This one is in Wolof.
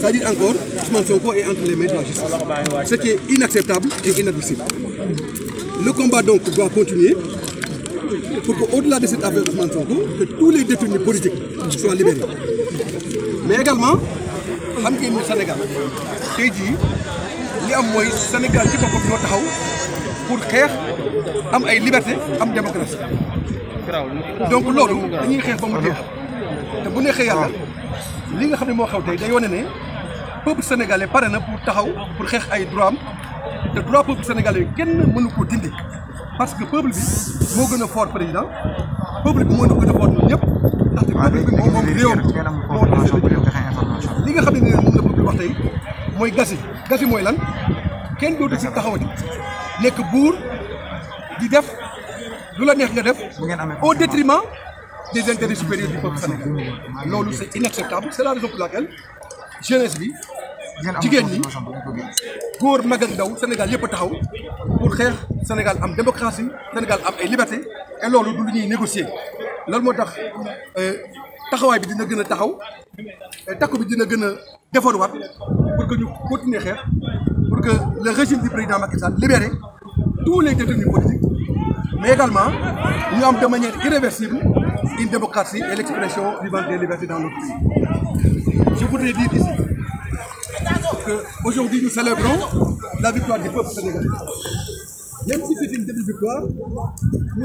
ça dit encore, Ousmane Sonko est entre les mains de la justice. Ce inacceptable et inadmissible. Le combat donc doit continuer pour qu'au-delà de cette affaire Ousmane Sonko, que tous les détenus politiques soient libérés. Mais également, le Sénégal, ni Sénégal tey jii li am mooy Sénégal qui boppam ñoo taxaw pour faire am ay liberté am démocratie donc loolu dañuy xeex ba mu jeex te bu li nga xam ne moo xew tey day wane ne peuple sénégalais pare na pour taxaw pour xeex ay droit am te droit peuple sénégalais yi kenn mënu ko dindi parce que peuple bi moo gën a fort président peuple bi moo gën a fort ñun ñëpp ndaxte peuple bi moom moom réewam li nga xam ne ne moom la peuple wax tey mooy gasi gasi mooy lan kenn dootu si taxawati nekk buur di def lu la neex nga def au détriment des intérêts supérieurs du peuple sénégalais loolu c'est inacceptable c'est la raison pour laquelle jeunesse bi jigéen ñi góor mag ak ndaw Sénégal yëpp taxaw pour xeex Sénégal am démocratie Sénégal am ay liberté et loolu du lu ñuy négocier loolu moo tax euh, taxawaay bi dina gën a taxaw takku bi dina pour que ñu continuer faire, pour que le régime du président Macky Sall libéré tous les détenus politiques mais également ñu am de manière irréversible une démocratie et l'expression vivante des libertés dans notre pays. Je voudrais dire ici qu'aujourd'hui nous célébrons la victoire du peuple sénégalais. Même si c'est une demi-victoire,